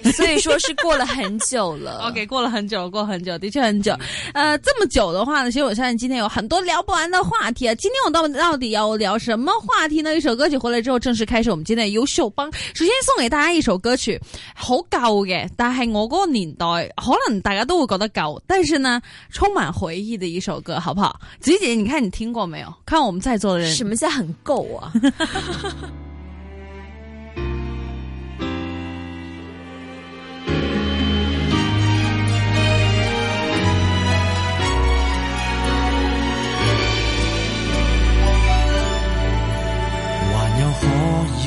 所以說是過了很久了 ，OK，過了很久，過了很久，的確很久。呃，這麼久的話呢，其實我相信今天有很多聊不完的話題啊，今天我到到底要聊什麼話題呢？一首歌曲回來之後，正式開始我們今天的優秀幫。首先送給大家一首歌曲，《好高嘅。但係我嗰個年代，可能大家都會覺得高，但是呢，充滿回憶的一首歌，好不好？子怡姐姐，你看你聽過沒有？看我們在座的人，什麼叫很夠啊？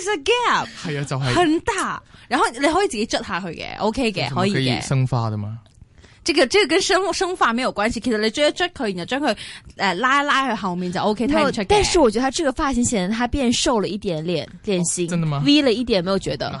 係啊，就係、是、很大，然後你可以自己捽下去嘅，OK 嘅，可以生花噶嘛？這個這個跟生生髮沒有關係？其實你捽捽佢，然後捽佢誒拉拉去後面就 OK no。但係，但是我覺得佢這個髮型顯得他變瘦了一點臉，臉臉型、oh, 真的嗎？V 了一點，沒有覺得。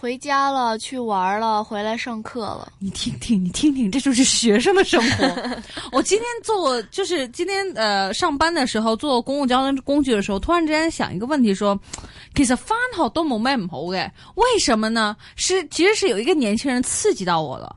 回家了，去玩了，回來上課了。你聽聽，你聽聽，這就是學生的生活。 我今天坐，就是今天呃上班的時候坐公共交通工具的時候，突然之間想一個問題，說，其實發好都冇賣唔好嘅，為什麼呢？是其實是有一個年輕人刺激到我了。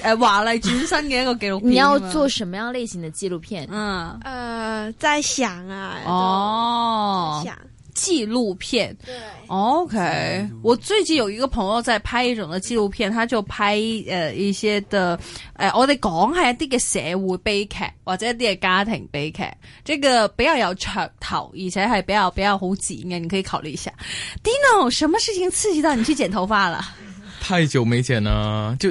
誒，華麗轉身嘅一個紀錄片。你要做什麼樣類型嘅紀錄片？嗯，呃，在想啊，哦，在想紀錄片。對，OK。我最近有一個朋友在拍一種嘅紀錄片，他就拍、呃、一些的，呃、我哋講係一啲嘅社會悲劇或者一啲嘅家庭悲劇，這個比較有噱頭，而且係比較比較好剪嘅，你可以考慮一下。Dino，什麼事情刺激到你去剪頭髮了？嗯、哼太久沒剪啦，就。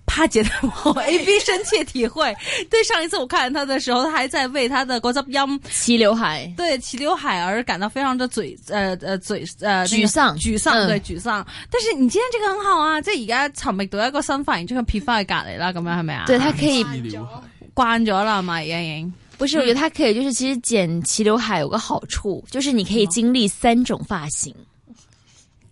他覺得我 AB 深切體會。對，上一次我看他的時候，他還在為他的國字喵齊劉海，對齊劉海而感到非常的沮呃呃沮呃沮喪沮喪，對沮喪。但是你今天這個很好啊，即而家尋覓到一個新髮型，將佢撇返去隔籬啦，咁樣係咪啊？對他可以關咗啦嘛，瑩瑩。不是，我覺得他可以，就是其實剪齊劉海有個好處，就是你可以經歷三種髮型。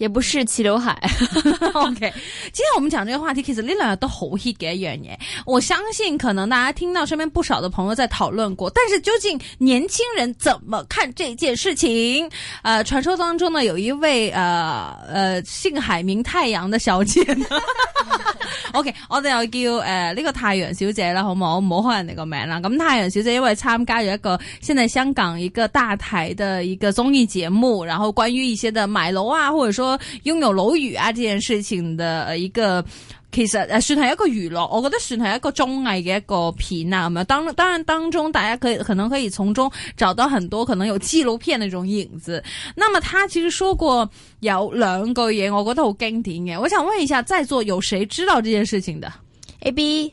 也不是齊劉海。 OK， 今天我們講這個話題，其實兩個都好 hit 嘅一樣嘢。我相信可能大家聽到身邊不少的朋友在討論過。但是究竟年輕人怎麼看這件事情？呃，傳說當中呢，有一位呃呃姓海名太陽的小姐呢。 OK，我哋又叫誒呢個太陽小姐啦，好唔好？唔好開人哋個名啦。咁太陽小姐因為參加咗一個現在香港一個大台的一個綜藝節目，然後關於一些的買樓啊，或者說。擁有老魚啊，這件事情的一個其實算係一個娛樂，我覺得算係一個綜藝嘅一個片啊，咁啊，當當然當中，大家可以可能可以從中找到很多可能有紀錄片那種影子。那麼他其實說過有兩個嘢，我覺得好經典嘅，我想問一下在座有誰知道這件事情的？A、B。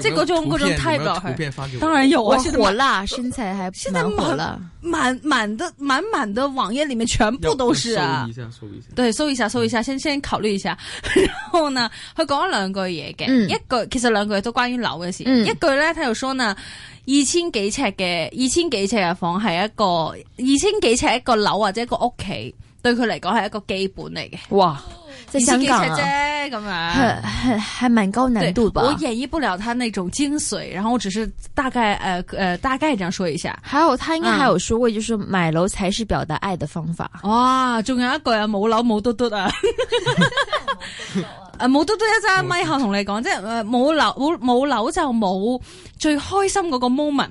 即那種那種 type 入去當然有啊，哦、火辣身材還，現在滿滿滿的滿滿的網頁裏面全部都是啊。搜一下，搜一下，對，搜一下，搜一下，先先考慮一下。然後呢，佢講咗兩句嘢嘅，嗯、一句其實兩句都關於樓嘅事。嗯、一句咧，佢又說呢，二千幾尺嘅二千幾尺嘅房係一個二千幾尺一個樓或者一個屋企，對佢嚟講係一個基本嚟嘅。哇！在香港啊，幹很很還蠻高難度吧。我演繹不了他那種精髓，然後我只是大概呃呃大概這樣說一下。還有他應該還有說過，嗯、就是買樓才是表達愛的方法。哇，仲有一句啊，冇樓冇嘟嘟啊。 冇嘟嘟啊，冇嘟嘟一陣咪後同你講，即係呃冇樓冇冇樓就冇最開心嗰個 moment。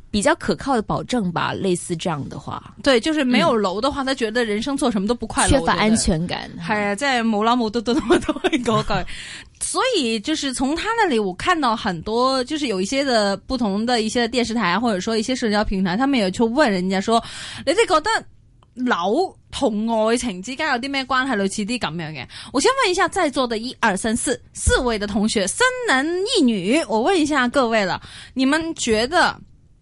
比較可靠的保證吧，類似這樣的話，對，就是沒有樓的話，嗯、他覺得人生做什麼都不快樂，缺乏安全感。哎，在某老某多多某多某，各位，所以就是從他那裏，我看到很多，就是有一些的不同的一些電視台，或者說一些社交平台，他們有去問人家說，你哋覺得樓同愛情之間有啲咩關係？類似啲咁樣嘅，我先問一下在座的一二三四四位的同學，三男一女，我問一下各位了，你們覺得？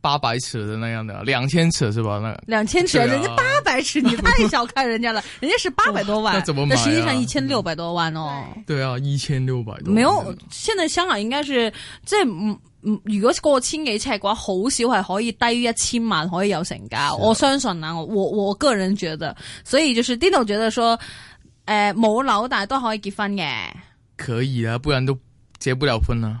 八百尺的那樣的，兩千尺是吧？那兩、個、千尺，啊、人家八百尺，你太小看人家了。 人家是八百多萬，那怎麼買、啊？實際上一千六百多萬哦。嗯、對啊，一千六百多萬。沒有，現在香港應該是即係唔唔，如果過千幾尺嘅話，好少係可以低於一千萬可以有成交是。我相信啊，我我個人覺得，所以就是 Dino 覺得說，誒冇樓但係都可以結婚嘅。可以啊，不然都結不了婚啦。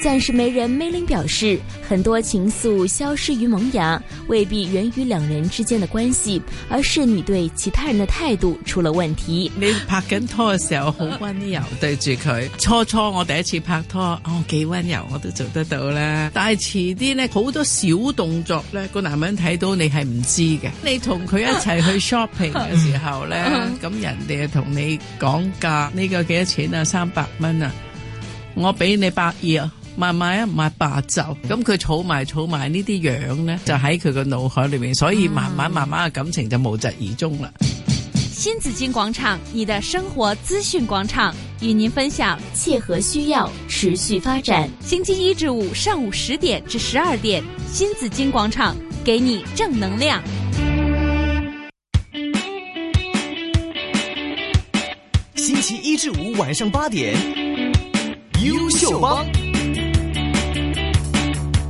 暫時媒人 Maylin 表示，很多情愫消失於萌芽，未必源於兩人之間嘅關係，而是你對其他人的態度出了問題。你拍緊拖嘅時候好溫柔對住佢，初初我第一次拍拖，我幾溫柔，我都做得到啦。但係遲啲咧，好多小動作咧，個男人睇到你係唔知嘅。你同佢一齊去 shopping 嘅時候咧，咁 人哋同你講價，呢個幾多錢啊？三百蚊啊，我俾你百二啊！慢慢啊，慢白晝，咁佢儲埋儲埋呢啲樣呢，就喺佢個腦海裏面。所以慢慢慢慢嘅感情就無疾而終啦。新紫金廣場，你的生活資訊廣場，與您分享，切合需要，持續發展。星期一至五上午十點至十二點，新紫金廣場，給你正能量。星期一至五晚上八點，優秀幫。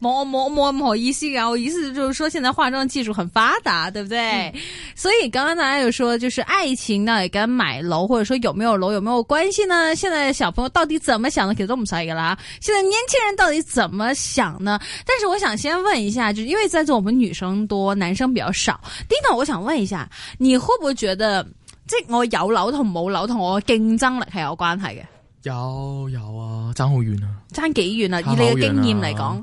某某某某意思啊！我意思就是說，現在化妝技術很發達，對不對？嗯、所以剛剛大家有說，就是愛情到底跟買樓或者說有沒有樓有沒有關係呢？現在小朋友到底怎麼想的？給到這麼說一個啦！現在年輕人到底怎麼想呢？但是我想先問一下，就是因為在座我們女生多，男生比較少。丁總，我想問一下，你會不會覺得這我有樓同冇樓同，我競爭力係有關係嘅？有有啊，爭好遠啊，爭幾遠啊？以你嘅經驗嚟講。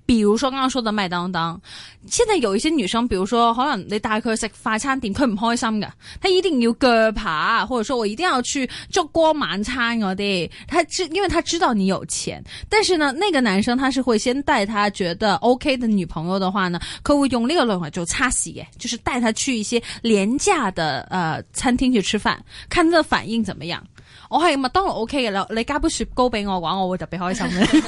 比如說剛剛說的麥當當，現在有一些女生，比如說可能你帶佢食快餐店，佢唔開心嘅，他一定要鋸扒，或者說我一定要去燭光晚餐我哋，他知，因為他知道你有錢，但是呢，那個男生他是會先帶他覺得 OK 的女朋友的話呢，佢會用呢個輪法就擦洗，就是帶他去一些廉價的呃餐廳去吃飯，看她的反應怎麼樣。我係麥當勞 OK 嘅，你你加杯雪糕俾我嘅話，我會特別開心。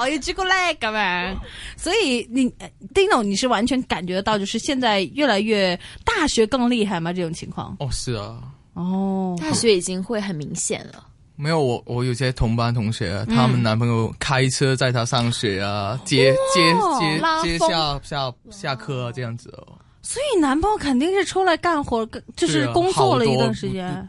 我要朱古力咁樣，所以你 Dino，你是完全感覺到，就是現在越來越大學更厲害嗎？這種情況？哦，是啊，哦，大學已經會很明顯了。Oh. 沒有我，我有些同班同學，他們男朋友開車載他上學啊，嗯、接接接接下下下課、啊、這樣子。哦。所以、so, 男朋友肯定是出來幹活，就是工作了、啊、一段時間。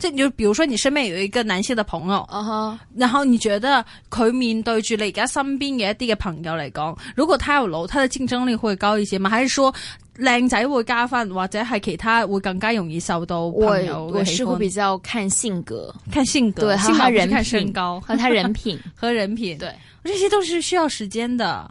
這就，比如說，你身邊有一個男性的朋友，uh huh. 然後你覺得佢面對住你而家身邊嘅一啲嘅朋友嚟講，如果他有樓，他的競爭力會高一些嘛？還是說靚仔會加分，或者係其他會更加容易受到朋友？友，我是會比較看性格，看性格，對，和他人，看身高，和他人品，和人品， 對，這些都是需要時間的。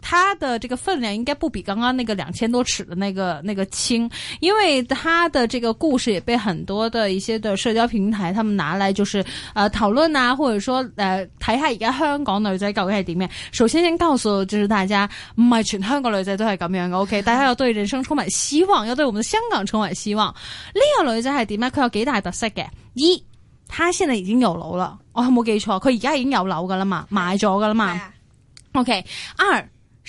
他的這個分量應該不比剛剛那個兩千多尺的那個那個輕，因為他的這個故事也被很多的一些的社交平台，他們拿來就是，呃討論啊，或者說，誒睇下而家香港女仔究竟係點樣。首先先告訴就是大家唔係全香港女仔都係咁樣嘅，OK？大家又對人生充滿希望，又對我們香港充滿希望。呢個女仔係點樣？佢有幾大特色嘅？一，她現在已經有樓啦，我係冇記錯，佢而家已經有樓噶啦嘛，買咗噶啦嘛、啊、，OK？二，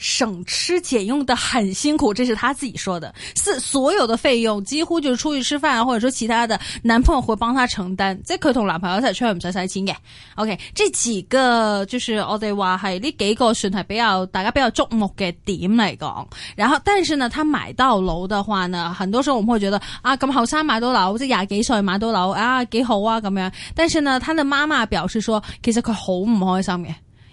省吃儉用的很辛苦，這是他自己說的。四，所有的費用幾乎就是出去吃飯，或者說其他的，男朋友會幫她承擔。即係佢同男朋友一齊出去唔使使錢嘅。OK，這幾個，就是我哋話係呢幾個算係比較大家比較矚目嘅點嚟講。然後，但是呢，他買到樓的話呢，很多時候我們會覺得啊，咁後生買到樓，即係廿幾歲買到樓，啊幾好啊咁樣。但是呢，他的媽媽表示說，其實佢好唔開心嘅。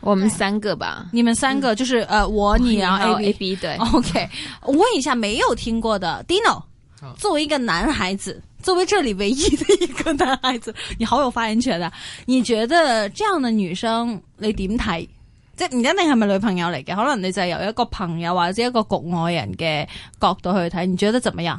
我們三個吧對，你們三個就是呃，嗯、我、你然後 A,、哦、B, A B B 對，OK。問一下沒有聽過的 Dino，、oh. 作為一個男孩子，作為這裏唯一的一個男孩子，你好有發言權的、啊。你覺得這樣的女生你點睇？即唔一定係咪女朋友嚟嘅？可能你就係由一個朋友或者一個局外人嘅角度去睇，你覺得怎麼樣？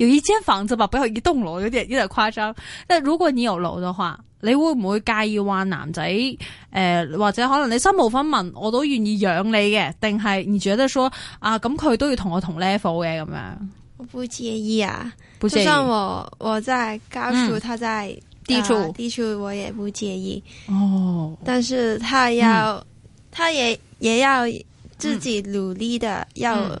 有一間房子吧，不要一棟樓，有點有點誇張。但如果你有樓的話，你會唔會介意話男仔誒、呃，或者可能你身無分文，我都願意養你嘅？定係你覺得說啊？咁佢都要同我同 level 嘅咁樣，我不介意啊。不介意就算我我在高處，他在低處，嗯啊、低處我也不介意。哦，但是他要，嗯、他也也要自己努力的、嗯、要、嗯。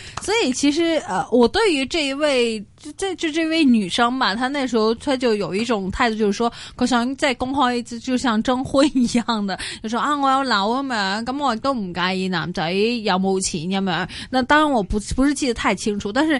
所以其實呃，我對於這一位就這就這位女生吧，她那時候她就有一種態度，就是說，可想再公開一次，就像徵婚一樣的，就說啊、嗯，我有樓啊嘛，咁我都唔介意男仔有冇錢啊嘛。那當然我不不是記得太清楚，但是。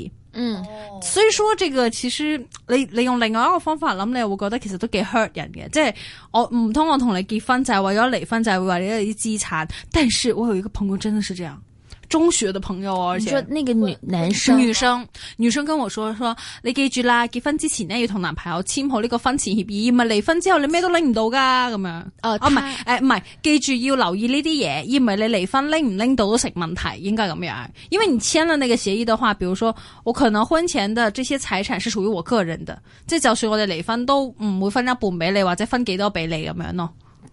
嗯，oh. 所以說這個其實你你用另外一個方法諗，你又會覺得其實都幾 hurt 人嘅，即係我唔通我同你結婚就係為咗離婚，就係為咗你啲資產。但是我有一個朋友真的是這樣。中學的朋友啊，你說那個女男生、女生女生跟我說說，你記住啦，結婚之前呢要同男朋友簽好呢個婚前協議，咁啊離婚之後你咩都拎唔到噶咁樣。誒、哦，哦唔係，誒唔係，記住要留意呢啲嘢，而唔係你離婚拎唔拎到都成問題，應該咁樣。因為你簽咗那個協議的話，比如說我可能婚前的這些財產是屬於我個人的，即係就算我哋離婚都唔會分一半俾你或者分幾多俾你咁樣咯。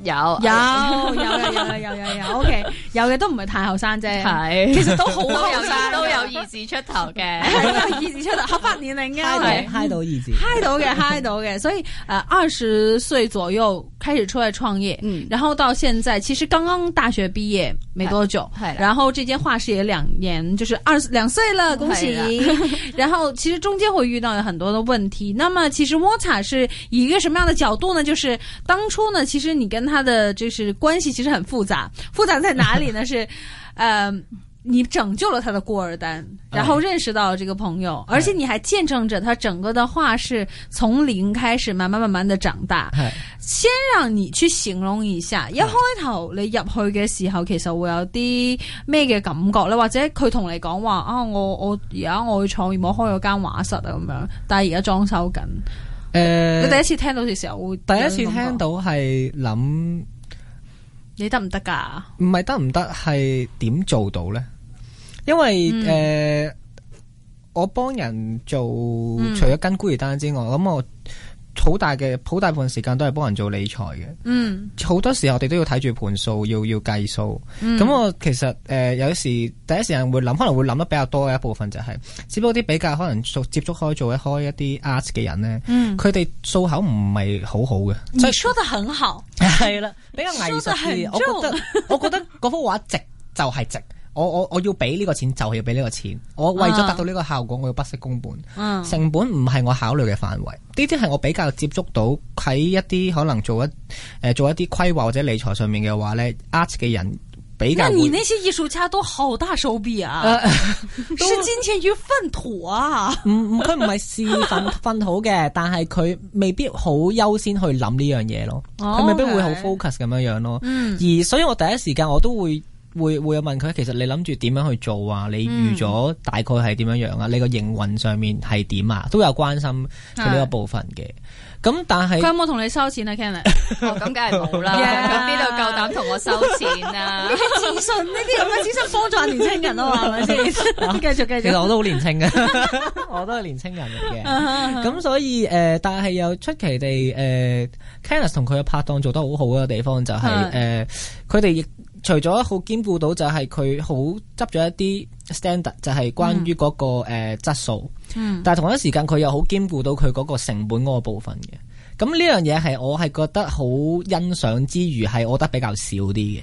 有有 有有有有有，OK，有嘅都唔係太後生啫，係， 其實都好多有嘅都有二十出頭嘅，都有二十出， 出頭，合法年齡嘅嗨到二十嗨到嘅嗨到嘅， 所以誒二十歲左右開始出來創業，嗯，然後到現在其實剛剛大學畢業沒多久，係、 嗯， 然後這間畫室也兩年，就是二兩歲了，恭喜， 然後其實中間會遇到很多的問題， 那麼其實 Wata、ah、是以一個什麼樣的角度呢？就是當初呢，其實你跟。他的就是關係其實很複雜，複雜在哪裡呢？ 是，呃，你拯救了他的郭爾丹，然後認識到了這個朋友，Okay. 而且你還見證着他整個的畫室從零開始，慢慢慢慢的長大。 先讓你去形容一下， 一開頭你入去嘅時候，其實會有啲咩嘅感覺呢？或者佢同你講話啊，我我而家我去創業，我開咗間畫室啊，咁樣，但係而家裝修緊。誒，你、呃、第一次聽到嘅時候會第一次聽到係諗，你得唔得㗎？唔係得唔得係點做到咧？因為誒、嗯呃，我幫人做除咗跟孤兒單之外，咁、嗯、我。好大嘅好大部分時間都係幫人做理財嘅，嗯，好多時候我哋都要睇住盤數，要要計數。咁、嗯、我其實誒、呃，有時第一時間會諗，可能會諗得比較多嘅一部分就係、是，只不過啲比較可能接觸開做一開一啲 art 嘅人咧，嗯，佢哋數口唔係好好嘅。就是、你說得很好，係啦， 比較藝術係，我覺得我覺得嗰幅畫值就係值。 我我我要俾呢個錢就係要俾呢個錢，我為咗達到呢個效果，啊、我要不惜工本，啊、成本唔係我考慮嘅範圍。呢啲係我比較接觸到喺一啲可能做一誒、呃、做一啲規劃或者理財上面嘅話咧，art 嘅人比較。那你那些藝術家都好大手筆啊，視金錢如糞土啊？佢唔係視糞糞土嘅，但係佢未必好優先去諗呢樣嘢咯。佢、哦 okay、未必會好 focus 咁樣樣咯。嗯、而所以我第一時間我都會。會會有問佢，其實你諗住點樣去做啊？你預咗大概係點樣樣啊？你個營運上面係點啊？都有關心佢呢個部分嘅。咁但係佢有冇同你收錢啊？Kenneth，咁梗係冇啦。邊度夠膽同我收錢啊？自信呢啲咁嘅自信幫助年青人啊嘛，係咪先？繼續繼續。其實我都好年輕嘅，我都係年青人嚟嘅。咁所以誒，但係又出奇地誒，Kenneth 同佢嘅拍檔做得好好嘅地方就係誒，佢哋亦。除咗好兼顧到，就係佢好執咗一啲 standard，就係關於嗰個誒質素。嗯，嗯，但係同一時間佢又好兼顧到佢嗰個成本嗰個部分嘅。咁呢樣嘢係我係覺得好欣賞之餘係我覺得比較少啲嘅。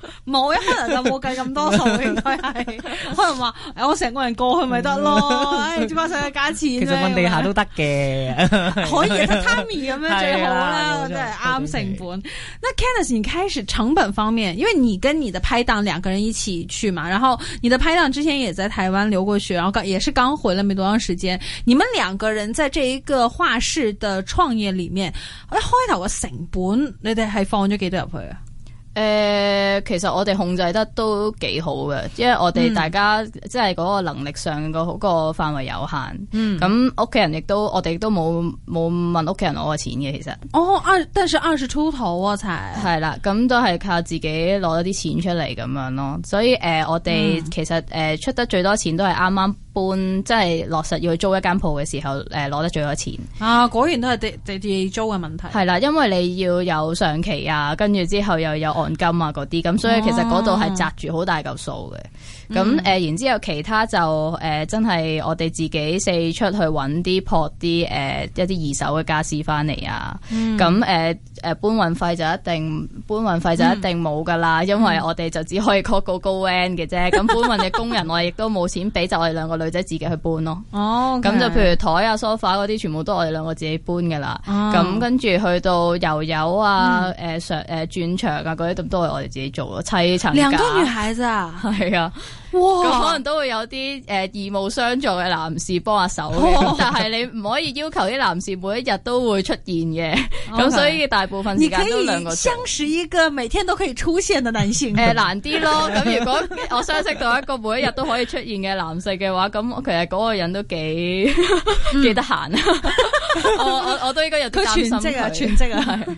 冇，可能就冇計咁多數，應該係 可能話、哎、我成個人過去咪得咯，唉、 哎，只怕想加錢啫。其實問地下都得嘅，可以啊，timing 咁樣 最好啦，錯真係啱成本。那 Kenneth 你開始成本方面，因為你跟你的拍檔兩個人一起去嘛，然後你的拍檔之前也在台灣留過學，然後也是剛回來沒多長時間，你們兩個人在這一個畫室的創業裏面，一開頭嘅成本，你哋係放咗幾多入去啊？誒、呃，其實我哋控制得都幾好嘅，因為我哋大家、嗯、即係嗰個能力上個好個範圍有限，咁屋企人亦都我哋都冇冇問屋企人攞個錢嘅，其實。哦，二，但係二十出頭啊，才。係啦，咁都係靠自己攞咗啲錢出嚟咁樣咯，所以誒、呃，我哋其實誒出得最多錢都係啱啱半，即係落實要去租一間鋪嘅時候，誒、呃、攞得最多錢啊！果然都係地、地租嘅問題係啦，因為你要有上期啊，跟住之後又有按金啊嗰啲，咁所以其實嗰度係紮住好大嚿數嘅。咁誒，嗯、然之後其他就誒、呃，真係我哋自己四出去揾啲破啲誒，一啲二手嘅傢俬翻嚟啊。咁誒、嗯嗯呃呃、搬運費就一定搬運費就一定冇㗎啦，嗯、因為我哋就只可以 call GoGoVan 嘅啫。咁、嗯、搬運嘅工人我亦都冇錢俾， 就我哋兩個女仔自己去搬咯。哦，咁就譬如台啊、sofa 嗰啲，全部都我哋兩個自己搬㗎啦。咁、oh. 跟住去到油油啊、誒牆、嗯呃、轉場啊嗰啲，都都係我哋自己做砌層架。兩個女孩子啊，係啊。哇！咁可能都會有啲誒、呃、義務相助嘅男士幫下手、哦、但係你唔可以要求啲男士每一日都會出現嘅。咁、哦、 所以大部分時間都兩個你可以相識一個每天都可以出現嘅男性、呃，誒難啲咯。咁 如果我相識到一個每一日都可以出現嘅男性嘅話，咁其實嗰個人都幾、嗯、幾得閒啊！ 我我我都應該有佢全職啊，全職啊，係。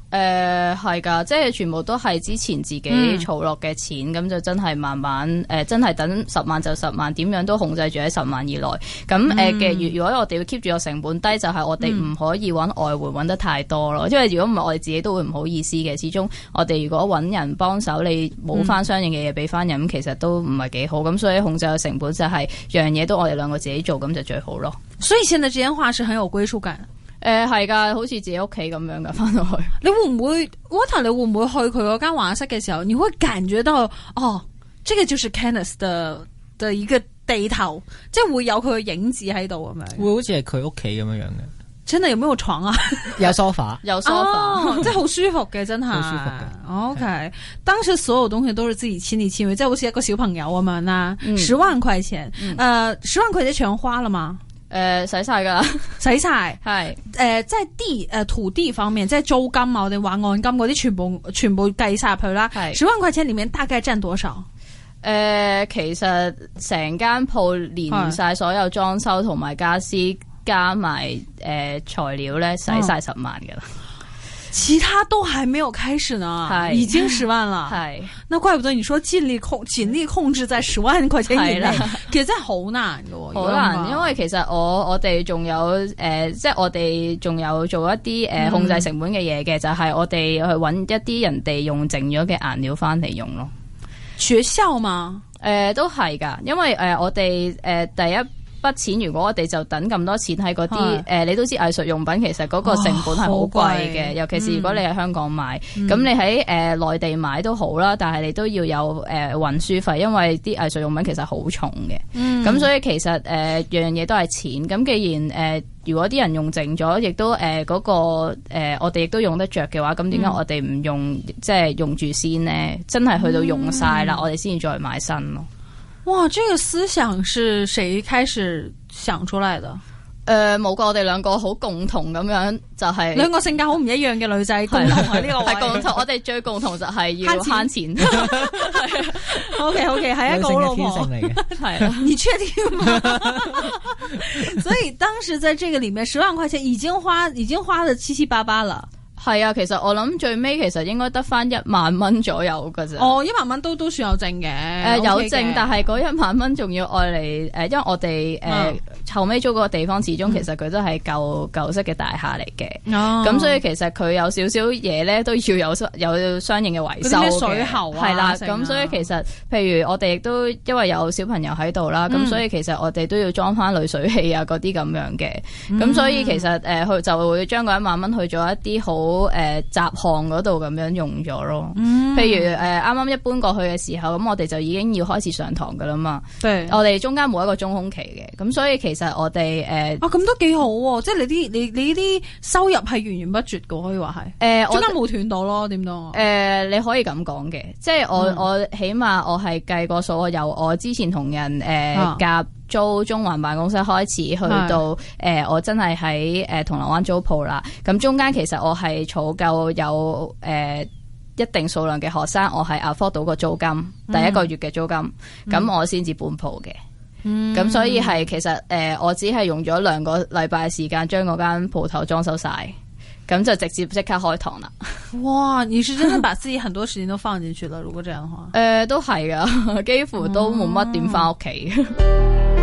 誒，係噶、呃，即係全部都係之前自己儲落嘅錢，咁、嗯、就真係慢慢誒、呃，真係等十萬就十萬，點樣都控制住喺十萬以內。咁誒嘅，呃嗯、如果我哋要 keep 住個成本低，就係、是、我哋唔可以搵外匯搵得太多咯。嗯、因為如果唔係，我哋自己都會唔好意思嘅。始終我哋如果搵人幫手，你冇翻相應嘅嘢俾翻人，嗯、其實都唔係幾好。咁所以控制個成本就係、是、樣嘢都我哋兩個自己做，咁就最好咯。所以現在這句話是很有歸屬感。誒，係噶、呃，好似自己屋企咁樣噶，翻到去。你會唔會 Water 你會唔會去佢嗰間畫室嘅時候，你會感覺到哦，即、這、係、個、就是 Kenneth 嘅嘅一個地頭，即係會有佢嘅影子喺度咁樣。會好似係佢屋企咁樣樣嘅。真係有冇有床啊？有 sofa， 有化 sofa，、哦、 即係好舒服嘅，真係。好舒服嘅。Okay，的當時所有東西都是自己千二千里，即係好似一個小朋友咁樣啦。十萬塊錢，誒，十萬塊錢全花了嘛誒，使晒㗎喇，使晒係，誒即係地誒、呃、土地方面，即係租金啊，我哋話按金嗰啲，全部全部計晒入去啦。係是十萬塊錢裏面大概佔多少？誒、呃，其實成間鋪連晒所有裝修同埋家私是加埋誒、呃、材料咧，使晒十萬㗎喇。嗯其他都還沒有開始呢，是已經十萬啦。係是，那怪不得你說盡力控，盡力控制在十萬塊錢以內， 的其實真係好難噶。好難，因為其實我我哋仲有誒，即、呃、係、就是、我哋仲有做一啲誒、呃、控制成本嘅嘢嘅，嗯、就係我哋去搵一啲人哋用剩咗嘅顏料翻嚟用咯。學校嘛，誒、呃、都係噶，因為誒、呃、我哋誒、呃、第一。筆錢如果我哋就等咁多錢喺嗰啲，誒、啊呃、你都知藝術用品其實嗰個成本係好貴嘅，哦、貴，尤其是如果你喺香港買，咁、嗯、你喺、呃、內地買都好啦，但係你都要有、呃、運輸費，因為啲藝術用品其實好重嘅，咁、嗯、所以其實誒、呃、樣樣嘢都係錢。咁既然誒、呃、如果啲人用剩咗，亦都誒嗰、呃那個、呃、我哋亦都用得著嘅話，咁點解我哋唔用、嗯、即係用住先呢？真係去到用晒啦，嗯、我哋先至再買新咯。哇，這個思想是誰開始想出嚟嘅？誒、呃，冇過我哋兩個好共同咁樣，就係、是、兩個性格好唔一樣嘅女仔，共同喺呢個，係 共同。我哋最共同就係要慳錢。係 OK OK，係一個天性嚟嘅。係， 你確定嗎？ 所以當時在這個裏面，十萬塊錢已經花，已經花得七七八八啦。係啊，其實我諗最尾其實應該得翻一萬蚊左右噶啫。哦，一萬蚊都都算有剩嘅。誒、呃，有剩，但係嗰一萬蚊仲要愛嚟誒，因為我哋誒、呃哦、後尾租嗰個地方，始終其實佢都係舊舊式嘅大廈嚟嘅。咁、哦、所以其實佢有少少嘢咧，都要有有相應嘅維修嘅。咁咩水喉啊？係啦的，咁所以其實譬如我哋亦都因為有小朋友喺度啦，咁、嗯、所以其實我哋都要裝翻濾水器啊，嗰啲咁樣嘅。咁所以其實誒，佢、呃、就會將嗰一萬蚊去咗一啲好。好誒、呃，雜項嗰度咁樣用咗咯，嗯、譬如誒，啱、呃、啱一搬過去嘅時候，咁我哋就已經要開始上堂噶啦嘛是我哋中間冇一個中空期嘅，咁所以其實我哋誒，呃、啊，咁都幾好，即係你啲你你啲收入係源源不絕嘅，可以話係誒，呃、中間冇斷到咯，點都我。誒、呃？你可以咁講嘅，即係我、嗯、我起碼我係計過數，我由我之前同人誒夾。呃啊租中環辦公室開始，去到誒的、呃，我真係喺誒銅鑼灣租鋪啦。咁中間其實我係儲夠有誒、呃、一定數量嘅學生，我係 afford 到個租金，嗯、第一個月嘅租金，咁、嗯、我先至搬鋪嘅。咁、嗯、所以係其實誒、呃，我只係用咗兩個禮拜時間將嗰間鋪頭裝修晒，咁就直接即刻開堂啦。哇！你是真係把自己很多時間都放進去了， 如果這樣的話，誒、呃，都係噶，幾乎都冇乜點返屋企。嗯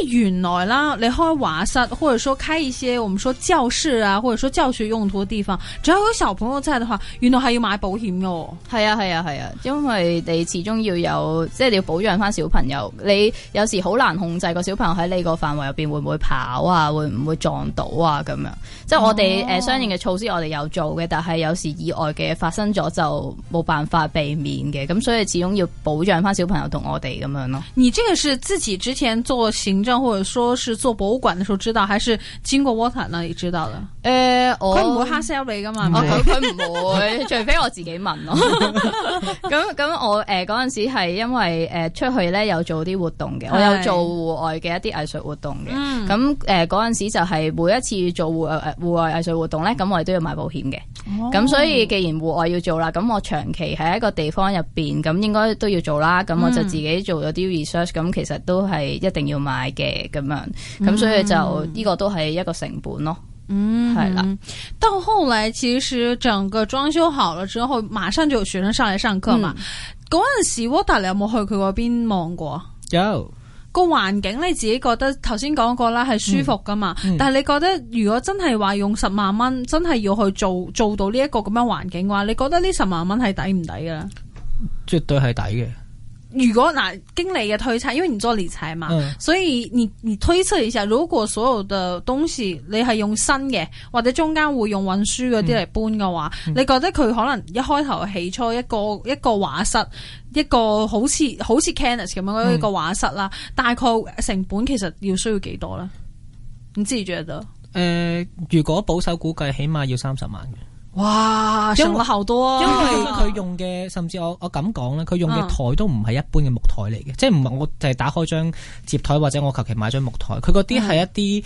即係原來啦，你開畫室，或者說開一些我們說教室啊，或者說教學用途的地方，只要有小朋友在的話，原來係要買保險嘅。係啊，係啊，係啊，因為你始終要有，即係你要保障翻小朋友。你有時好難控制個小朋友喺你個範圍入邊會唔會跑啊，會唔會撞到啊咁樣。即係我哋誒相應嘅措施我哋有做嘅，但係有時意外嘅發生咗就冇辦法避免嘅。咁所以始終要保障翻小朋友同我哋咁樣咯。你這個是自己之前做的行為或者說是做博物館的時候知道，還是經過 water 呢？你知道、呃、我不不你的，誒、嗯，佢唔會嚇 sell 你噶嘛？佢唔會， 除非我自己問咯。咁 咁，我誒嗰陣時係因為誒、呃、出去咧有做啲活動嘅，我有做戶外嘅一啲藝術活動嘅。咁誒嗰陣時就係每一次做戶外戶外藝術活動咧，咁我哋都要買保險嘅。咁、哦、所以既然戶外要做啦，咁我長期喺一個地方入邊，咁應該都要做啦。咁我就自己做咗啲 research，咁其實都係一定要買。嘅咁樣，咁所以就呢、mm hmm. 個都係一個成本咯，嗯、mm，係、hmm. 啦。到後來其實整個裝修好了之後，馬上就學生上嚟上課嘛。嗰陣、mm hmm. 時，Walter，你有冇去佢嗰邊望過？有。個環境，你自己覺得頭先講過啦，係舒服噶嘛？Mm hmm. 但係你覺得如果真係話用十萬蚊，真係要去做做到呢一個咁樣環境嘅話，你覺得呢十萬蚊係抵唔抵噶？絕對係抵嘅。如果嗱，經理嘅推測，因為你做理財嘛，嗯、所以你你推測一下，如果所有嘅東西你係用新嘅，或者中間會用運輸嗰啲嚟搬嘅話，嗯、你覺得佢可能一開頭起初一個一個畫室，一個好似好似 Canus 咁樣、嗯、一個畫室啦，大概成本其實要需要幾多咧？唔知你覺得誒、呃、如果保守估計起碼要三十萬嘅。哇！因為好多、啊、因為佢用嘅甚至我我咁講啦，佢用嘅台都唔係一般嘅木台嚟嘅，啊、即係唔係我淨係打開張摺台或者我求其買張木台，佢嗰啲係一啲、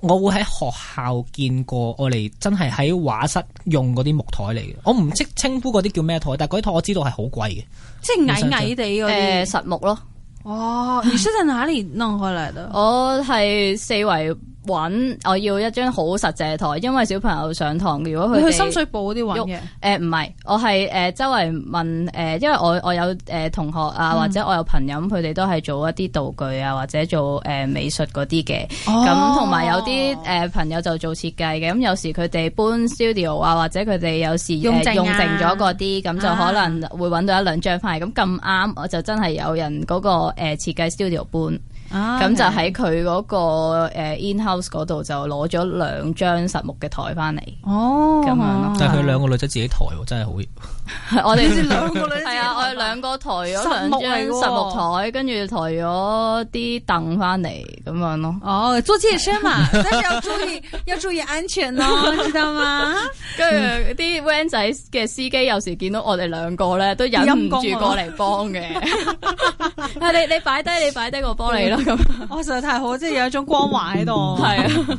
嗯、我會喺學校見過，我哋真係喺畫室用嗰啲木台嚟嘅。我唔識稱呼嗰啲叫咩台，但係嗰啲台我知道係好貴嘅，即係矮矮哋誒、呃、實木咯。哦，你最近喺邊攞開嚟啊？我係四圍，揾，我要一張好實際嘅台，因為小朋友上堂，如果佢去深水埗嗰啲揾嘅，誒唔係，我係誒、呃、周圍問誒、呃，因為我我有誒、呃、同學啊，嗯、或者我有朋友，佢哋都係做一啲道具啊，或者做誒、呃、美術嗰啲嘅，咁同埋有啲誒、呃、朋友就做設計嘅，咁、嗯、有時佢哋搬 studio 啊，或者佢哋有時用剩咗嗰啲，咁就可能會揾到一兩張翻嚟，咁咁啱，啊、我就真係有人嗰，那個誒設、呃、計 studio 搬，咁就喺佢嗰個誒 in-house 嗰度就攞咗兩張實木嘅台翻嚟，哦，咁樣咯。即係佢兩個女仔自己抬，真係好。我哋兩個女仔，係啊，我哋兩個抬咗兩張實木台，跟住抬咗啲凳翻嚟，咁樣咯。哦，坐汽車嘛，但係要注意要注意安全咯，知道嘛？跟住啲 van 仔嘅司機有時見到我哋兩個咧，都忍唔住過嚟幫嘅。你你擺低你擺低，我幫你咯。我實在太好，即係有一種光環喺度。係啊。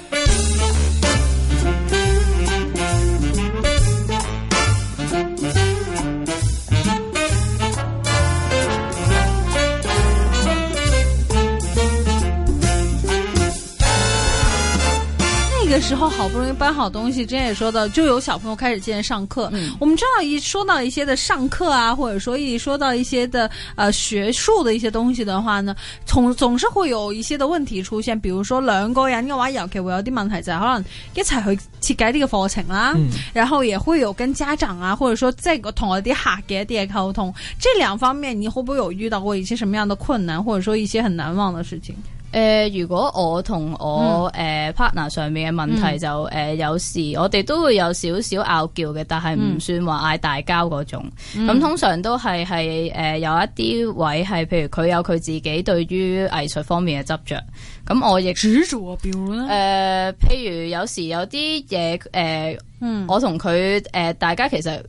時候好不容易搬好東西，之前也說到，就有小朋友開始進來上課。嗯、我們知道一說到一些的上課啊，或者說一說到一些的呃學術的一些東西的話呢，從總是會有一些的問題出現。比如說兩個、啊、你要話，尤其我要啲問題，在可能一齊去去解啲嘅課程啦，嗯、然後也會有跟家長啊，或者說這個同學的哈，給嘅溝通。這兩方面，你會不會有遇到過一些什麼樣的困難，或者說一些很難忘的事情？誒、呃，如果我同我誒、嗯呃、partner 上面嘅問題就誒、嗯呃、有時我哋都會有少少拗撬嘅，但係唔算話嗌大交嗰種。咁、嗯、通常都係係誒有一啲位係，譬如佢有佢自己對於藝術方面嘅執着。咁我亦做誒、呃，譬如有時有啲嘢誒，呃嗯、我同佢誒，大家其實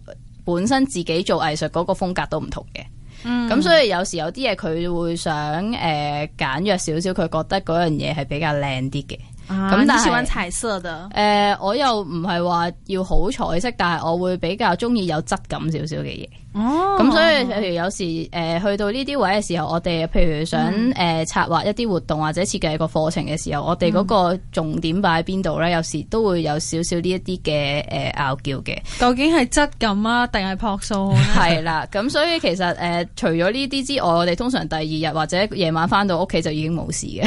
本身自己做藝術嗰個風格都唔同嘅。咁、嗯、所以有時有啲嘢佢會想誒、呃、簡約少少，佢覺得嗰樣嘢係比較靚啲嘅。咁、嗯是啊，你喜歡彩色嘅？誒、呃，我又唔係話要好彩色，但係我會比較中意有質感少少嘅嘢。哦，咁所以譬如有時誒、呃、去到呢啲位嘅時候，我哋譬如想誒、嗯呃、策劃一啲活動或者設計一個課程嘅時候，我哋嗰個重點擺喺邊度咧？有時都會有少少呢一啲嘅誒拗撬嘅，呃、究竟係質感啊，定係樸素係係啦，咁 所以其實誒、呃、除咗呢啲之外，我哋通常第二日或者夜晚返到屋企就已經冇事嘅。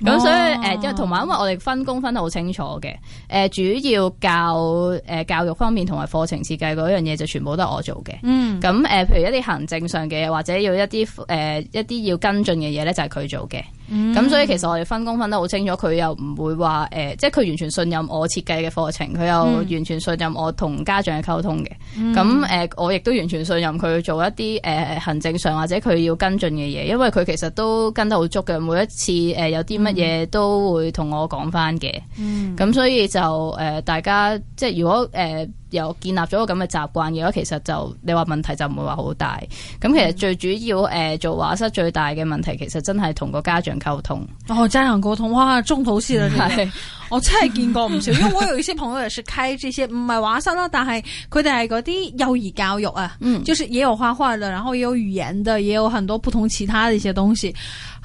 咁所以誒，oh. 因為同埋因為我哋分工分得好清楚嘅，誒主要教誒、呃、教育方面同埋課程設計嗰樣嘢就全部都係我做嘅。嗯、mm.，咁、呃、誒，譬如一啲行政上嘅或者要一啲誒、呃、一啲要跟進嘅嘢咧，就係佢做嘅。咁、嗯、所以其實我哋分工分得好清楚，佢又唔會話誒、呃，即係佢完全信任我設計嘅課程，佢又完全信任我同家長嘅溝通嘅。咁誒、嗯呃，我亦都完全信任佢做一啲誒、呃、行政上或者佢要跟進嘅嘢，因為佢其實都跟得好足嘅。每一次誒、呃、有啲乜嘢都會同我講返嘅。咁、嗯、所以就誒、呃，大家即係如果誒。呃有建立咗個咁嘅習慣嘅話，其實就你話問題就唔會話好大。咁其實最主要誒、呃、做畫室最大嘅問題，其實真係同個家長溝通。哦，家長溝通，哇，重頭戲啊，啦， 係。 我真係見過唔少，因為我有一些朋友也是開這些唔係畫室啦，但係佢哋係嗰啲幼兒教育啊，嗯，就是也有畫畫嘅，然後也有語言嘅，也有很多不同其他嘅一些東西。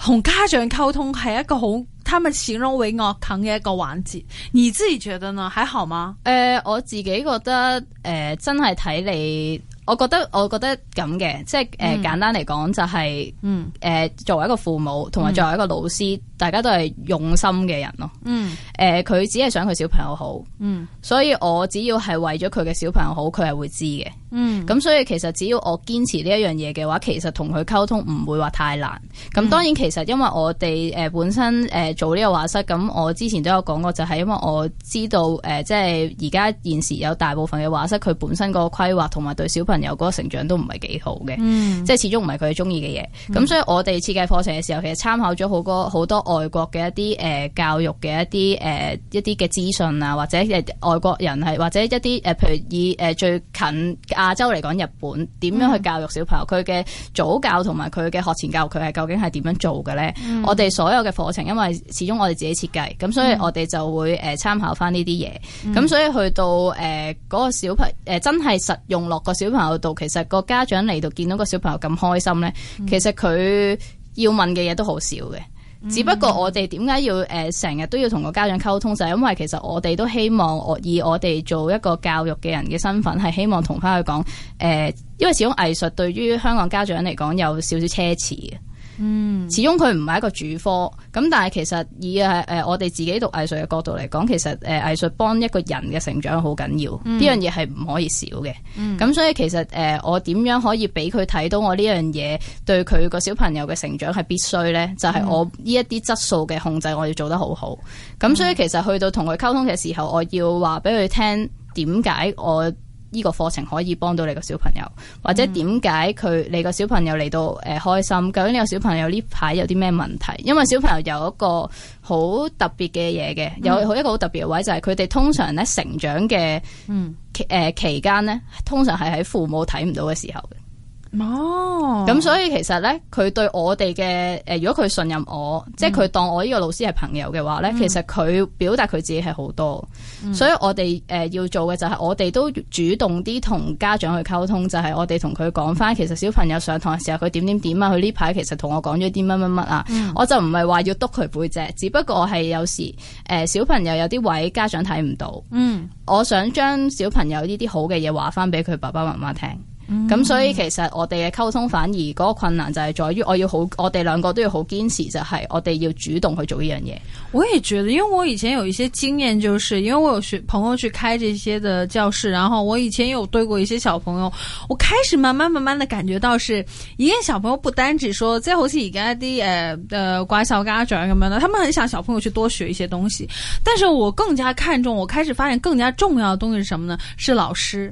同家長溝通係一個好，他們形容為惡啃嘅一個環節。你自己覺得呢？還好嗎？誒、呃，我自己覺得誒、呃，真係睇你。我覺得我覺得咁嘅，即係誒、呃嗯、簡單嚟講就係、是，誒、呃、作為一個父母同埋作為一個老師，嗯、大家都係用心嘅人咯。嗯，誒佢、呃、只係想佢小朋友好。嗯，所以我只要係為咗佢嘅小朋友好，佢係會知嘅。嗯，咁所以其實只要我堅持呢一樣嘢嘅話，其實同佢溝通唔會話太難。咁、嗯、當然其實因為我哋誒本身誒做呢個畫室，咁我之前都有講過，就係因為我知道誒，即係而家現時有大部分嘅畫室佢本身個規劃同埋對小朋友。朋友個成長都唔係幾好嘅，即係、嗯、始終唔係佢中意嘅嘢。咁、嗯、所以我哋設計課程嘅時候，其實參考咗好多好多外國嘅一啲誒、呃、教育嘅一啲誒、呃、一啲嘅資訊啊，或者外國人係或者一啲誒，譬如以誒、呃、最近亞洲嚟講，日本點樣去教育小朋友？佢嘅早教同埋佢嘅學前教育，佢係究竟係點樣做嘅咧？嗯、我哋所有嘅課程，因為始終我哋自己設計，咁、嗯、所以我哋就會誒參、呃、考翻呢啲嘢。咁、嗯、所以去到誒嗰、呃那個小朋誒、呃、真係實用落個小朋。度其實個家長嚟到見到個小朋友咁開心呢，其實佢要問嘅嘢都好少嘅。只不過我哋點解要誒成日都要同個家長溝通，就係因為其實我哋都希望我以我哋做一個教育嘅人嘅身份，係希望同翻佢講誒，因為始終藝術對於香港家長嚟講有少少奢侈嘅。嗯，始終佢唔係一個主科，咁但係其實以誒誒我哋自己讀藝術嘅角度嚟講，其實誒藝術幫一個人嘅成長好緊要，呢樣嘢係唔可以少嘅。咁、嗯、所以其實誒我點樣可以俾佢睇到我呢樣嘢對佢個小朋友嘅成長係必須呢？就係、是、我呢一啲質素嘅控制，我要做得好好。咁、嗯、所以其實去到同佢溝通嘅時候，我要話俾佢聽點解我。呢個課程可以幫到你個小朋友，或者點解佢你個小朋友嚟到誒開心？嗯、究竟呢個小朋友呢排有啲咩問題？因為小朋友有一個好特別嘅嘢嘅，有好一個好特別嘅位就係佢哋通常咧成長嘅，嗯，誒期間咧通常係喺父母睇唔到嘅時候嘅。哦，咁、oh, 所以其實咧，佢對我哋嘅誒，如果佢信任我，嗯、即係佢當我呢個老師係朋友嘅話咧，嗯、其實佢表達佢自己係好多，嗯、所以我哋誒、呃、要做嘅就係我哋都主動啲同家長去溝通，就係、是、我哋同佢講翻，其實小朋友上堂嘅時候佢點點點啊，佢呢排其實同我講咗啲乜乜乜啊，嗯、我就唔係話要督佢背脊，只不過我係有時誒、呃、小朋友有啲位家長睇唔到，嗯，我想將小朋友呢啲好嘅嘢話翻俾佢爸爸媽媽聽。咁所以其實我哋嘅溝通反而嗰個困難就係在於我要好，我哋兩個都要好堅持，就係我哋要主動去做呢樣嘢。我也覺得，因為我以前有一些經驗，就是因為我有學朋友去開這些的教室，然後我以前有對過一些小朋友，我開始慢慢慢慢的感覺到是，一個小朋友不單止說即係好似而家啲誒誒，怪獸家長咁樣呢，他們很想小朋友去多學一些東西，但是我更加看重，我開始發現更加重要的東西是什麼呢？是老師。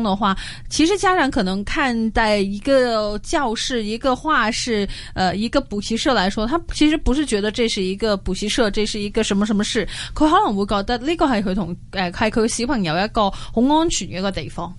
的話，其實家長可能看待一個教室、一個畫室、呃，一個補習社來說，他其實不是覺得這是一個補習社，這是一個什麼什麼事，佢可，可能會覺得呢個係佢同誒係佢小朋友一個好安全嘅一個地方。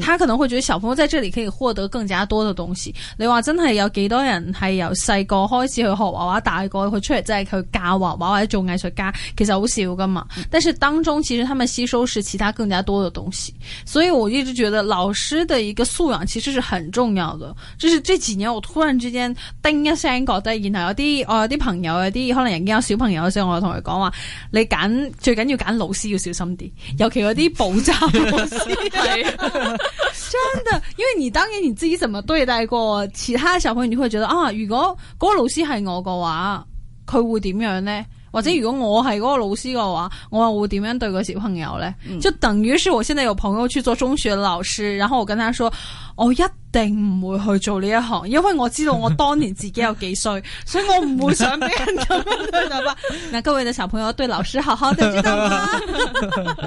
他可能會覺得小朋友在這裏可以獲得更加多的東西。你話真係有幾多人係由細個開始去學畫畫，大個佢出嚟真係去教畫畫，或者做藝術家，其實好少我噶嘛。但是當中其實他們吸收是其他更加多的東西。所以我一直覺得老師的一個素養其實是很重要的。就是這幾年我突然之間叮一聲，覺得然後有啲我有啲朋友有啲可能人家有小朋友嗰時，所以我就同佢講話：你揀最緊要揀老師要小心啲，尤其嗰啲補習老師 真的，因為你當然你自己怎麼對待過其他小朋友，你會覺得啊，如果嗰個老師係我嘅話，佢會點樣呢？或者如果我係嗰個老師嘅話，我又會點樣對個小朋友呢？就等於是我現在有朋友去做中學的老師，然後我跟他說，我一定唔會去做呢一行，因為我知道我當年自己有幾衰， 所以我唔會想俾人咁樣對。嗱， 各位嘅小朋友，對老師好好哋知道嗎？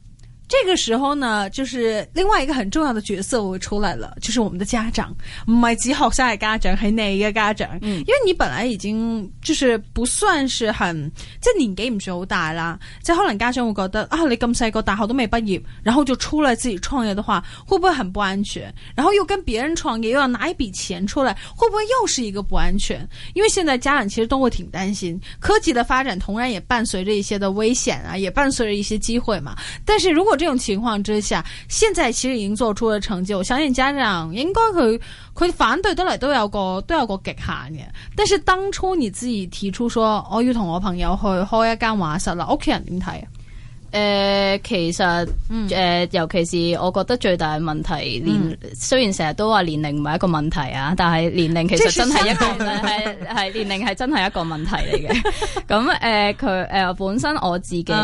這個時候呢，就是另外一個很重要的角色，我出來了，就是我們的家長，唔係只學生嘅家長，係你嘅家長。嗯，因為你本來已經就是不算是很，即係年紀唔算好大啦，即係可能家長會覺得啊，你咁細個，大學都未畢業，然後就出來自己創業的話，會不會很不安全？然後又跟別人創業，又要拿一筆錢出來，會不會又是一個不安全？因為現在家長其實都會挺擔心，科技的發展同樣也伴隨着一些的危險啊，也伴隨着一些機會嘛。但是如果這種情況之下，現在其實已經做出了成就。我相信家長應該佢佢反對得嚟，都有個都有個極限嘅。但是當初你自己提出說我要同我朋友去開一間畫室啦，屋企人點睇？誒、呃，其實誒、呃，尤其是我覺得最大嘅問題，年、嗯、雖然成日都話年齡唔係一個問題啊，但係年齡其實真係一個係係年齡係真係一個問題嚟嘅。咁誒、 呃，佢誒、呃，本身我自己誒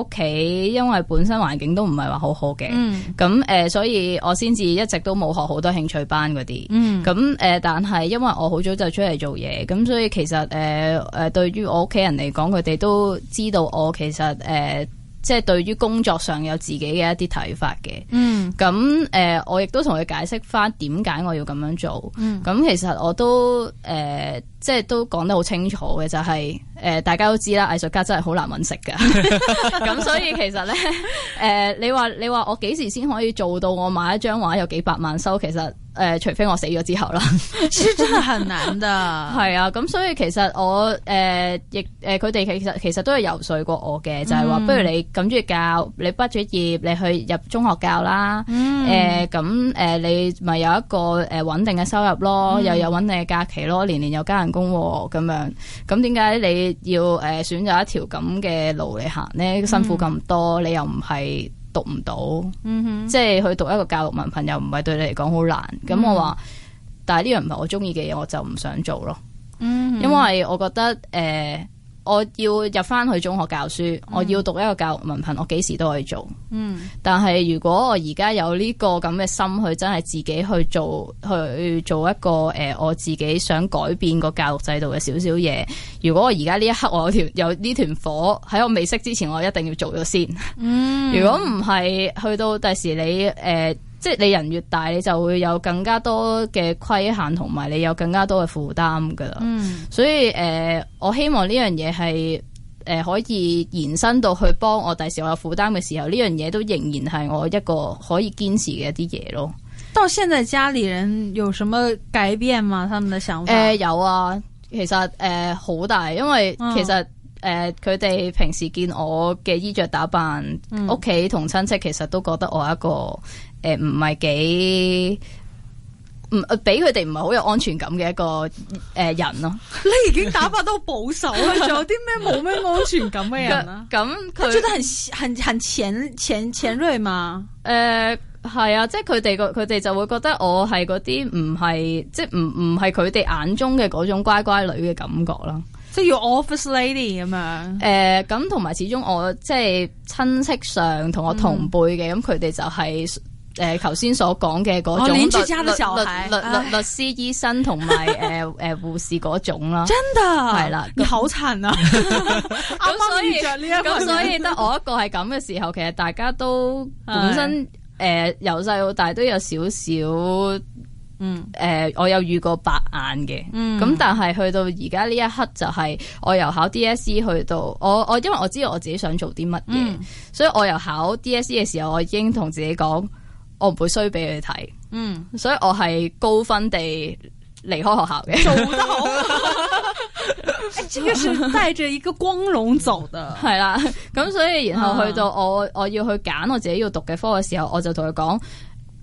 屋企，因為本身環境都唔係話好好嘅，咁誒、嗯呃，所以我先至一直都冇學好多興趣班嗰啲。咁誒、嗯呃，但係因為我好早就出嚟做嘢，咁所以其實誒誒、呃呃，對於我屋企人嚟講，佢哋都知道我其實誒。呃即係對於工作上有自己嘅一啲睇法嘅，咁誒、嗯呃、我亦都同佢解釋翻點解我要咁樣做。咁、嗯、其實我都誒，即係都講得好清楚嘅，就係、是。誒、呃，大家都知啦，藝術家真係好難揾食噶，咁 所以其實咧，誒、呃，你話你話我幾時先可以做到我買一張畫有幾百萬收？其實誒、呃，除非我死咗之後啦， 真係很難的。係 啊，咁所以其實我誒，亦、呃、誒，佢哋其實其實都係遊說過我嘅，嗯、就係話不如你咁住教，你畢咗業，你去入中學教啦。誒、嗯，咁誒、呃呃，你咪有一個誒穩定嘅收入咯，嗯、又有揾定嘅假期咯，年年有加人工咁樣。咁點解你？要誒選擇一條咁嘅路嚟行咧，辛苦咁多，嗯、你又唔係讀唔到，嗯、哼 即係去讀一個教育文憑又唔係對你嚟講好難。咁、嗯、我話，但係呢樣唔係我中意嘅嘢，我就唔想做咯。嗯、哼 因為我覺得誒。呃我要入翻去中學教書，我要讀一個教育文憑，我幾時都可以做。嗯，但係如果我而家有呢個咁嘅心去，真係自己去做去做一個誒、呃，我自己想改變個教育制度嘅少少嘢。如果我而家呢一刻我條有呢團火喺我未熄之前，我一定要做咗先。嗯，如果唔係，去到第時你誒。呃即係你人越大，你就會有更加多嘅規限，同埋你有更加多嘅負擔噶啦。嗯、所以誒、呃，我希望呢樣嘢係誒可以延伸到去幫我，第時我有負擔嘅時候，呢樣嘢都仍然係我一個可以堅持嘅一啲嘢咯。到現在家裏人有什麼改變嗎？他們的想法？誒、呃、有啊，其實誒好、呃、大，因為其實誒佢哋平時見我嘅衣着打扮，屋企同親戚其實都覺得我一個。誒，唔係、呃、幾唔俾佢哋唔係好有安全感嘅一個誒、呃、人咯、啊。你已經打扮到保守啦，仲 有啲咩冇咩安全感嘅人啦、啊？咁佢、呃、覺得很很很前前前銳嘛？誒、呃，係啊，即係佢哋佢哋就會覺得我係嗰啲唔係，即係唔唔係佢哋眼中嘅嗰種乖乖女嘅感覺啦。即係、so、要 office lady 咁、right? 樣、呃。誒，咁同埋始終我即係親戚上同我同輩嘅，咁佢哋就係、是。誒，頭先、呃、所講嘅嗰種律、哦、律律律，律，律，律師、醫生同埋誒誒護士嗰種的啦，真嘅係啦，好慘啊！咁 所以咁所以得我一個係咁嘅時候，其實大家都本身誒由細到大都有少少嗯誒，我有遇過白眼嘅，咁、嗯、但係去到而家呢一刻就係、是、我由考 DSE 去到我我因為我知道我自己想做啲乜嘢，嗯、所以我由考 DSE 嘅時候我已經同自己講。我唔會衰俾佢哋睇，嗯，所以我係高分地離開學校嘅，做得好，呢個算帶着一個光榮走嘅，係啦，咁所以然後去到我我要去揀我自己要讀嘅科嘅時候，我就同佢講。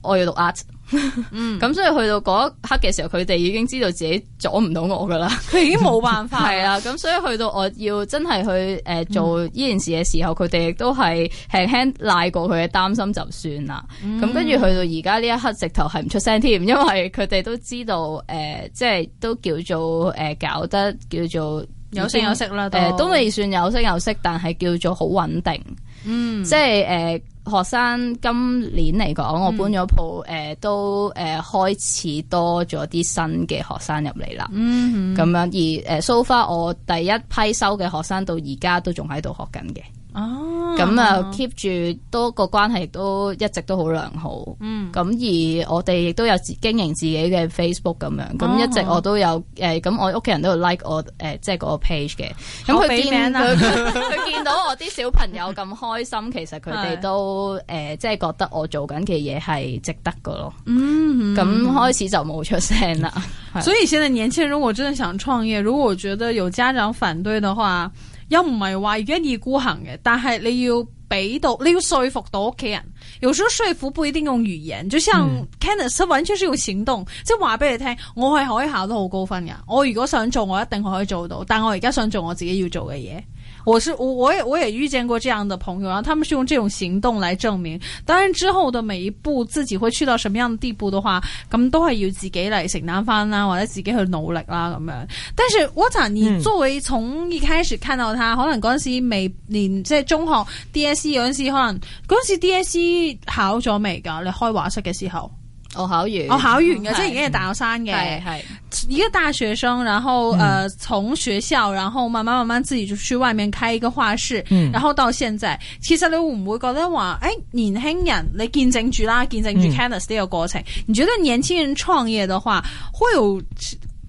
我要讀 art，咁、嗯、 所以去到嗰一刻嘅時候，佢哋已經知道自己阻唔到我噶啦，佢已經冇辦法。 係啦，咁所以去到我要真係去誒、呃、做呢件事嘅時候，佢哋亦都係輕輕賴過佢嘅擔心就算啦。咁、嗯、跟住去到而家呢一刻，直頭係唔出聲添，因為佢哋都知道誒、呃，即係都叫做誒、呃、搞得叫做有聲有色啦。誒、呃，都未算有聲有色，但係叫做好穩定。嗯即，即係誒。學生今年嚟講，我搬咗鋪，誒、呃，都誒、呃、開始多咗啲新嘅學生入嚟啦。咁、嗯嗯、樣而誒，so far 我第一批收嘅學生到而家都仲喺度學緊嘅。哦，咁啊 keep 住多個關係亦都一直都好良好，嗯，咁而我哋亦都有經營自己嘅 Facebook 咁樣，咁一直我都有誒，咁我屋企人都有 like 我誒，即係個 page 嘅，咁佢見佢見到我啲小朋友咁開心，其實佢哋都誒即係覺得我做緊嘅嘢係值得㗎咯，嗯，咁開始就冇出聲啦。所以現在年輕人如果真係想創業，如果我覺得有家長反對嘅話。又唔係話一意孤行嘅，但係你要俾到，你要說服到屋企人。有時說服不一定用語言，就像 Kenneth 完全需要行動，嗯、即係話俾你聽，我係可以考得好高分嘅。我如果想做，我一定可以做到。但我而家想做我自己要做嘅嘢。我是我我也我也遇見過這樣的朋友，然後他們是用這種行動來證明。當然之後的每一步自己會去到什麼樣的地步的話，咁都係要自己嚟承擔翻啦，或者自己去努力啦咁樣。但是 w h a t a 你作為、嗯、從一開始看到他，可能陣時未連即係中學 DSE 有陣時，可能陣時 DSE 考咗未㗎？你開畫室嘅時候。我考完，我考完嘅，嗯、即係已經係大學生嘅。係係一個大學生，然後誒，從、嗯呃、學校，然後慢慢慢慢自己就去外面開一個畫室，嗯、然後到現在。其實你會唔會覺得話，誒、欸，年輕人，你見證住啦，見證住 Kenneth 呢個過程。你覺得年輕人創業嘅話，會有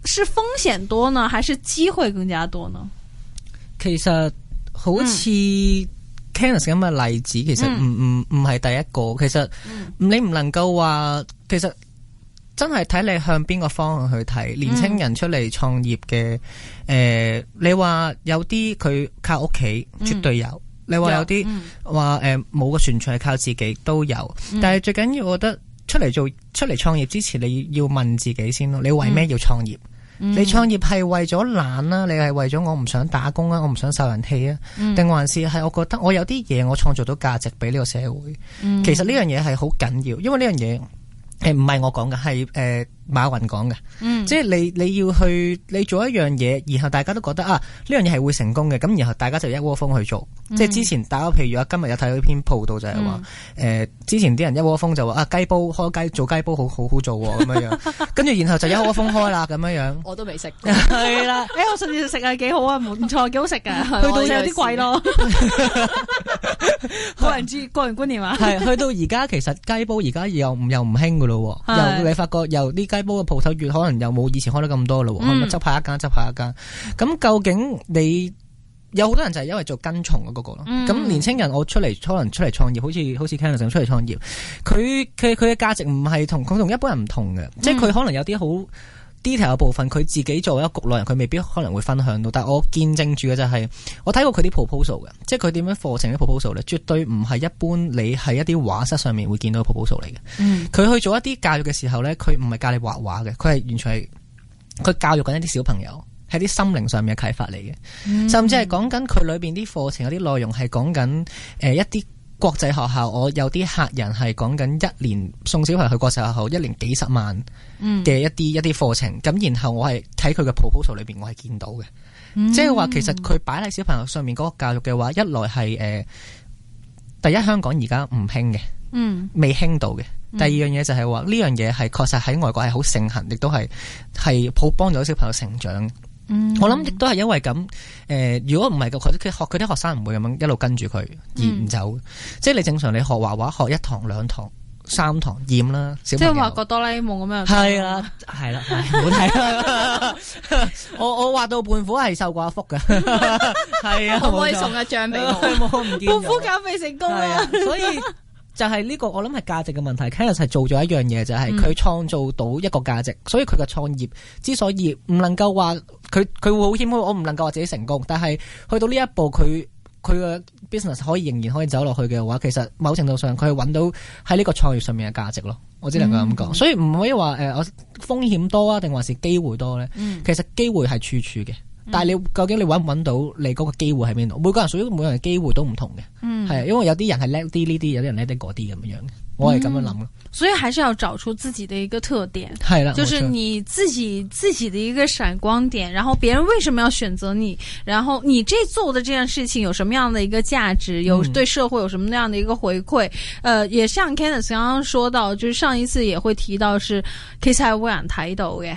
是風險多呢，還是機會更加多呢？其實好似 Kenneth 咁嘅例子，其實唔唔唔係第一個。其實你唔能夠話。其實真係睇你向邊個方向去睇，年青人出嚟創業嘅，誒、嗯呃，你話有啲佢靠屋企，絕對有；嗯、你話有啲話誒冇個傳承係靠自己，都有。嗯、但係最緊要，我覺得出嚟做出嚟創業之前，你要問自己先咯。你為咩要創業？嗯、你創業係為咗懶啦？你係為咗我唔想打工啊？我唔想受人氣啊？定、嗯、還是係我覺得我有啲嘢我創造到價值俾呢個社會？嗯、其實呢樣嘢係好緊要，因為呢樣嘢。誒，唔係、欸、我講嘅，係誒、呃、馬雲講嘅，嗯，即係你你要去你做一樣嘢，然後大家都覺得啊，呢樣嘢係會成功嘅，咁然後大家就一窩蜂去做，嗯、即係之前大家譬如啊，今日有睇到一篇報道就係、是、話，誒、嗯呃，之前啲人一窩蜂就話啊雞煲開雞做雞煲好好好，好做咁樣樣，跟住然後就一窩蜂開啦咁樣樣。我都未食，係啦，誒，我上次食啊幾好啊，唔錯，幾好食嘅，去到有啲貴咯。個 人主個人觀念啊，係去到而家其實雞煲而家又又唔興。又你發覺又呢雞煲嘅鋪頭越可能又冇以前開得咁多咯，係咪執下一間執下一間，咁究竟你有好多人就係因為做跟從嘅嗰個咯，咁、嗯、年青人我出嚟可能出嚟創業，好似好似 Kelvin 想出嚟創業，佢佢佢嘅價值唔係同佢同一般人唔同嘅，嗯、即係佢可能有啲好。detail 部分，佢自己作為一個局內人，佢未必可能會分享到。但係我見證住嘅就係、是，我睇過佢啲 proposal 嘅，即係佢點樣課程啲 proposal 咧，絕對唔係一般你喺一啲畫室上面會見到嘅 proposal 嚟嘅。佢、嗯、去做一啲教育嘅時候咧，佢唔係教你畫畫嘅，佢係完全係佢教育緊一啲小朋友喺啲心靈上面嘅啟發嚟嘅，嗯、甚至係講緊佢裏面啲課程嗰啲內容係講緊一啲。國際學校，我有啲客人係講緊一年送小朋友去國際學校，一年幾十萬嘅一啲一啲課程。咁、嗯、然後我係睇佢嘅 proposal 裏邊，我係見到嘅，即係話其實佢擺喺小朋友上面嗰個教育嘅話，一來係誒、呃、第一香港而家唔興嘅，嗯，未興到嘅。第二樣嘢就係話呢樣嘢係確實喺外國係好盛行，亦都係係好幫助小朋友成長。嗯、我諗亦都係因為咁，誒，如果唔係佢佢學佢啲學，學，學生唔會咁樣一路跟住佢而唔走，嗯、即係你正常你學畫畫學一堂兩堂三堂厭啦，小即係畫個哆啦 A 夢咁樣，係啦係啦，唔好睇啦，我我畫到胖虎係瘦過阿福噶，係 啊，阿威送啊，橡皮糖，胖虎減肥成功 啊，所以。就係呢個我諗係價值嘅問題，Ken 係、嗯、做咗一樣嘢就係佢創造到一個價值，所以佢嘅創業之所以唔能夠話佢佢，會好謙虛，我唔能夠話自己成功，但係去到呢一步佢佢嘅 business 可以仍然可以走落去嘅話，其實某程度上佢係搵到喺呢個創業上面嘅價值咯。我只能夠咁講，嗯、所以唔可以話誒我風險多啊，定還是機會多咧？嗯、其實機會係處處嘅。但你究竟你揾唔揾到，你 𠮶 個機會喺邊度？每個人屬於每個人機會都唔同嘅。嗯，係啊，因為有啲人係叻啲呢啲，有啲人叻啲 𠮶 啲咁樣樣，我係咁樣諗咯。所以，還是要找出自己嘅一個特點，係啦，就是你自己自己的一個閃光點，然後別人為什麼要選擇你，然後你這做的這件事情有什麼樣的一個價值，有對社會有什麼那樣的一個回饋。嗯、呃，也像 Kenneth 剛剛說到，就是上一次也會提到是，是 kiss I want 抬到嘅。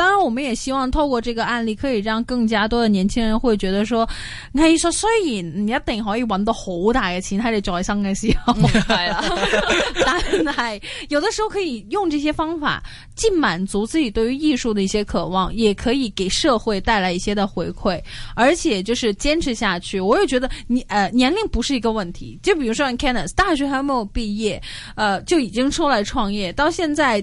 當然，我們也希望透過這個案例，可以讓更加多的年輕人會覺得說，藝術所以你一定可以揾到好大嘅錢，喺你財商嘅時候， 但係有的時候可以用這些方法，既滿足自己對於藝術的一些渴望，也可以給社會帶來一些的回饋，而且就是堅持下去。我也覺得你呃年齡不是一個問題，就比如說你 Kenneth 大學還沒有畢業，呃就已經出來創業，到現在。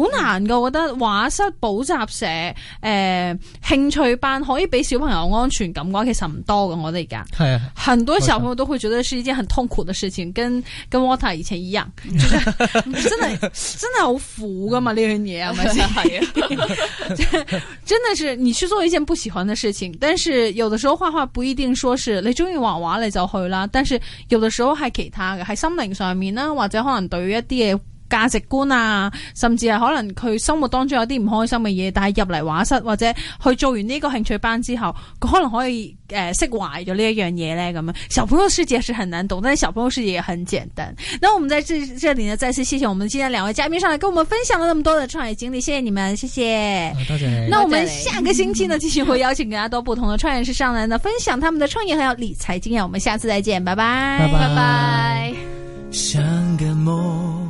好難噶，我覺得畫室補習社、誒、呃、興趣班可以俾小朋友安全感嘅話，其實唔多噶。我覺得而家係啊，很多小朋友都會覺得是一件很痛苦的事情，的跟跟 Water 以前一樣，就是 真的真的好苦噶嘛，呢樣嘢係啊真的是你去做一件不喜歡的事情。但是有的時候畫畫不一定說是你鍾意畫畫你就去啦。但是有的時候係其他嘅，喺心靈上面啦，或者可能對於一啲嘢。價值觀啊，甚至係可能佢生活當中有啲唔開心嘅嘢，但係入嚟畫室或者去做完呢個興趣班之後，佢可能可以誒釋懷咗呢一樣嘢呢咁樣。小朋友世界是很難懂，但係小朋友世界也很簡單。那我們在這這裏呢，再次謝謝我們今天兩位嘉賓上來跟我們分享咗那麼多的創業經歷，謝謝你們，謝謝。多謝。那我們下個星期呢，繼續 會邀請更加多不同的創業者上來呢，分享他們的創業還有理財經驗。我們下次再見，拜拜，拜拜 Bye bye, bye。像個夢。